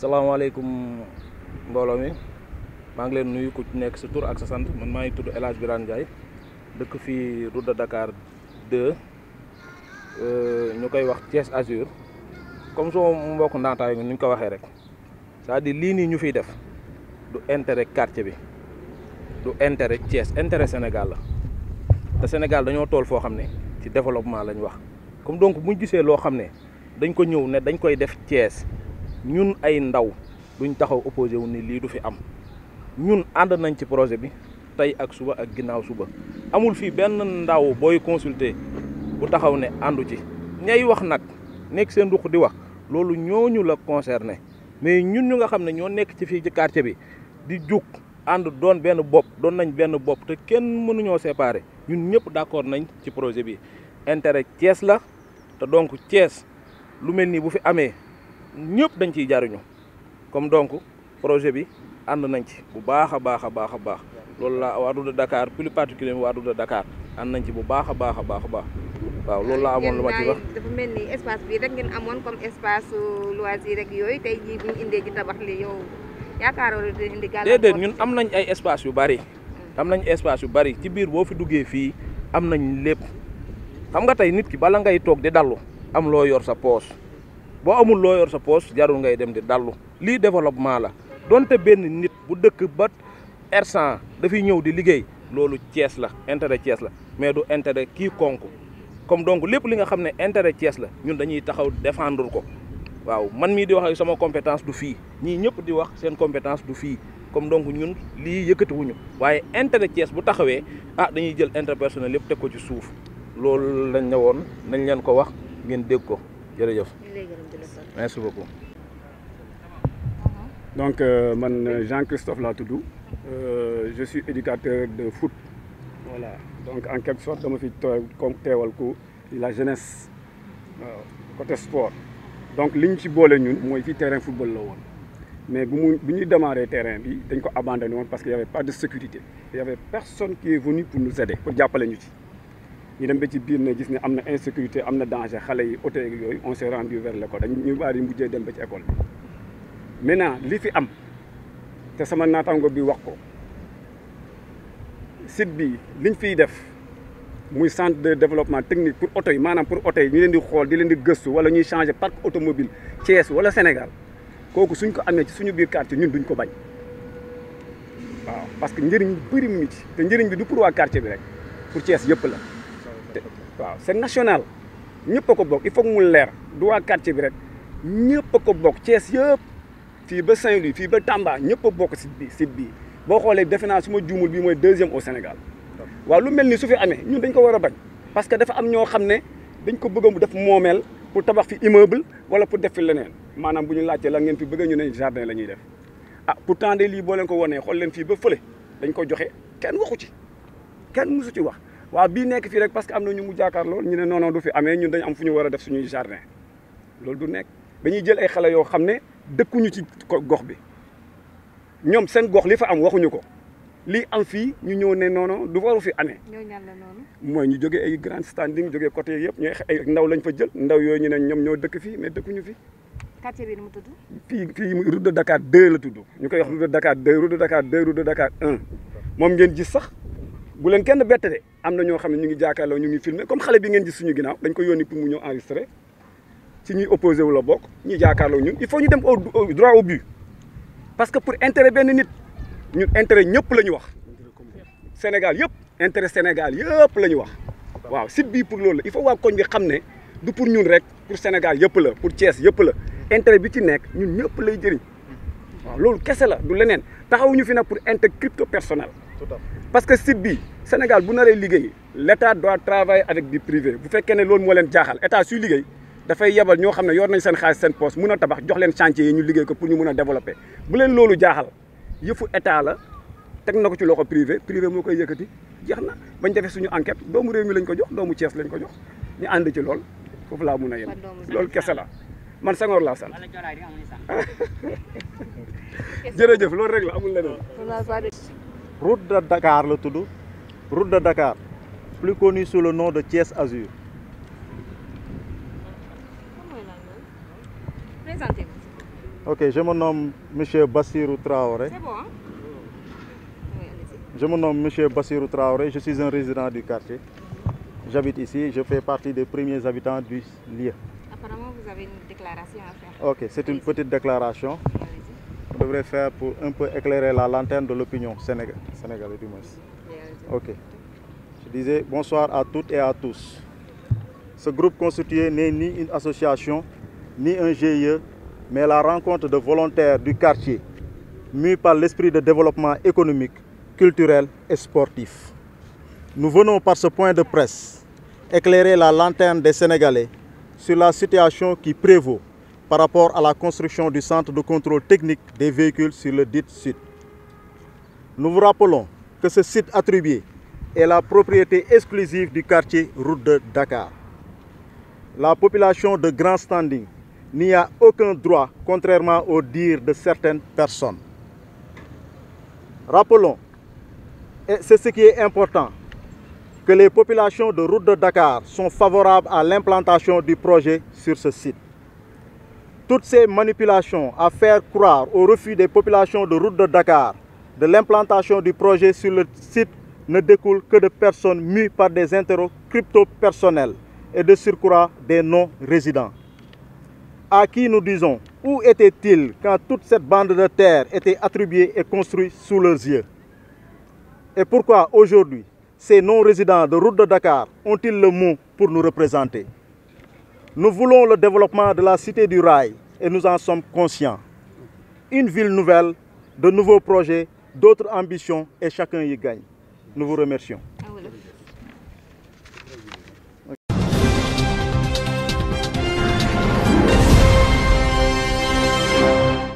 salaamaaleykum mbooloo mi maa ngi leen nuyu ku nekk sa tur ak sa sant man maa ngi tudd El Hadj Birane Ndiaye dëkk fii route Dakar 2 euh, ñu koy wax Thiès Azur comme soo mbokk ndaataay ni ñu ko waxee rek cest à lii nii ñu fiy def du intérêt quartier bi du intérêt Thiès intere Sénégal la te Sénégal dañoo tool foo xam ne ci développement lañ wax comme donc buñ gisee loo xam ne dañ ko ñëw ne dañ koy def Thiès. ñun ay ndaw duñ taxaw opposé wu ni lii du fi am ñun ànd nañ ci projet bi tey ak suba ak ginnaaw suba amul fii benn ndaw booy consulter bu taxaw ne àndu ci ñay wax nag nekk seen ruq di wax loolu ñooñu la concerné mais ñun ñu nga xam ne ñoo nekk ci fii ci quartier bi di jug ànd doon benn bopp doon nañ benn bopp te kenn mënuñoo séparer ñun ñëpp d'accord nañ ci projet bi intérêt Thiès la te donc Thiès lu mel nii bu fi amee ñëpp dañ ciy jariñu comme donc projet bi ànd nañ ci bu baax a baax a baax a baax loolu laa waa Douda Dakar plus particulièrement waa Douda dakaar ànd nañ ci bu baax a baax a baax a baax waaw loolu laa amoon lu ma ci wax dafa mel ni espace bii rek ngeen amoon comme espace loisir rek yooyu tey jii bu indee ci tabax li yow yaakaaroo dina indi gàllankoor déedéet ñun am nañ ay espace yu bari am nañ espace yu bari ci biir boo fi duggee fii am nañ lépp xam nga tey nit ki bala ngay toog di dallu am loo yor sa poche boo amul loo yor sa poche jarul ngay dem di dallu lii développement la donte benn nit bu dëkk ba R100 dafay ñëw di liggéey loolu cees la intérêt Thiès la mais du kii konk comme donc lépp li nga xam ne intérêt Thiès la ñun dañuy taxaw défendre ko waaw man mii di wax sama compétence du fii ñii ñëpp di wax seen compétence du fii comme donc ñun lii yëkkatiwuñu waaye intérêt Thiès bu taxawee ah dañuy jël intérêt personnel yëpp teg ko ci suuf loolu lañ ne woon leen ko wax ngeen dégg ko. jërëjëf merci beaucoup. donc euh, man Jean-Christophe laa tudd euh, je suis éducateur de foot voilà donc en quelque sorte dama fi comme teewal ko la jeunesse waaw côté sport donc li ñu ci boole ñun mooy fii terrain football la woon mais bu mu bu ñuy démarrer terrain bi dañ ko abandonné woon parce que y pas de sécurité il y personne qui est venu pour nous aider pour jàppale ñu ci. ñu dem ba ci biir ne gis ne am na insécurité am na danger xale yi oto yooyu on s'est rendu vers l'école dañ ñu bari mujjee dem ba ci école bi maintenant li fi am te sama naataango bi wax ko site bi li ñu fiy def muy centre de développement technique pour oto yi maanaam pour oto yi ñu leen di xool di leen di gëstu wala ñuy changer parc automobile Thiès wala Sénégal kooku suñ ko amee ci suñu biir quartier ñun duñ ko bañ waaw parce que njëriñ bëri mu ngi ci te njëriñ bi du pour waa quartier bi rek pour Thiès yëpp waaw c'est national ñëpp ko bokk il faut mu leer du waa quartier bi rek ñëpp a ko bokk Thiès yëpp fii ba Saint-Louis fii ba Tamba ñëpp a bokk si bi si bii boo xoolee defe su ma juumul bii mooy deuxième au Sénégal waaw lu mel ni su fi amee ñun dañ ko war a bañ parce que dafa am ñoo xam ne dañ ko bëgg mu def moomeel pour tabax fi immeuble wala pour def leneen maanaam bu ñu laajtee la ngeen fi bëgg ñu ne jardin la ñuy def ah pourtant de lii boo leen ko wanee xool leen fii ba fële dañ ko joxe kenn waxu ci kenn mësu ci wax waaw bii nekk fii rek parce que am na ñu mu jaakaar lool ñu ne non du fi amee ñun dañu am fu ñu war a def suñuy jardin loolu du nekk dañuy jël ay xale yoo xam ne dëkkuñu ci gox bi ñoom seen gox li fa am waxuñu ko li am fii ñu ñëw ne non non du waru fi amee. mooy ñu jóge ay grand standing jógee côté yëpp ñooy ay ndaw lañ fa jël ndaw yooyu ñu ne ñoom ñoo dëkk fii mais dëkkuñu fi. quartier bi nu mu tudd. fii fii route de Dakar 2 la tudd ñu koy wax route de Dakar 2 route de Dakar 2 moom ngeen gis sax bu leen kenn bett am na ñoo xam ne ñu ngi jàkkaarloo ñu ngi filmé comme xale bi ngeen gis suñu ginnaaw dañ ko yónni pour mu ñëw enregistré si ñuy opposé wu la bokk ñuy jàkkaarloo ñun il faut ñu dem au droit au but parce que pour intérêt benn nit ñu intérêt ñëpp la ñu wax Sénégal yëpp intérêt Sénégal yëpp la ñu wax waaw si bii pour loolu la il faut waa koñ bi xam ne du pour ñun rek pour Sénégal yëpp la pour Thiès yëpp la intérêt bi ci nekk ñun ñëpp lay jëriñ waaw loolu kese la du leneen taxawuñu fi nag pour intérêt crypto personnel parce que site bi Sénégal bu naree liggéey l' état doit travailler avec du privé bu fekkee ne loolu moo leen jaaxal état suy liggéey dafay yebal ñoo xam ne yor nañ seen xaalis seen poste mun a tabax jox leen chantier yi ñu liggéey ko pour ñu mun a développer bu leen loolu jaaxal yëfu état la teg na ko ci loxo privé privé moo koy yëkkati jeex na bañ defee suñu enquête doomu réew mi lañ ko jox doomu Thiès lañ ko jox ñu ànd ci lool foofu laa mun a yem loolu kese la man Senghor laa sant jërëjëf loolu rek la amul leneen route de Dakar la tudd route de Dakar plus connue sous le nom de Thiès Azur. ok je me nomme monsieur Bassirou Traoré. Je monsieur Bassirou Traoré je suis un résident du quartier j'habite ici je fais partie des premiers habitants du lieu. Apparemment vous ok c'est une petite déclaration. devrait faire pour un peu éclairer la lanterne de l'opinion sénégal, sénégalaise du mois Ok. Je disais bonsoir à toutes et à tous. Ce groupe constitué n'est ni une association, ni un GIE, mais la rencontre de volontaires du quartier, mûs par l'esprit de développement économique, culturel et sportif. Nous venons par ce point de presse éclairer la lanterne des Sénégalais sur la situation qui prévaut par rapport à la construction du centre de contrôle technique des véhicules sur le dit site. Nous vous rappelons que ce site attribué est la propriété exclusive du quartier route de Dakar. La population de grand standing n'y a aucun droit, contrairement au dire de certaines personnes. Rappelons, et c'est ce qui est important, que les populations de route de Dakar sont favorables à l'implantation du projet sur ce site. Toutes ces manipulations à faire croire au refus des populations de route de Dakar de l'implantation du projet sur le site ne découlent que de personnes mues par des intérêts crypto-personnels et de surcroît des non-résidents. À qui nous disons où étaient-ils quand toute cette bande de terre était attribuée et construite sous leurs yeux Et pourquoi aujourd'hui ces non-résidents de route de Dakar ont-ils le mot pour nous représenter Nous voulons le développement de la cité du rail et nous en sommes conscients. Une ville nouvelle, de nouveaux projets, d'autres ambitions et chacun y gagne. Nous vous remercions.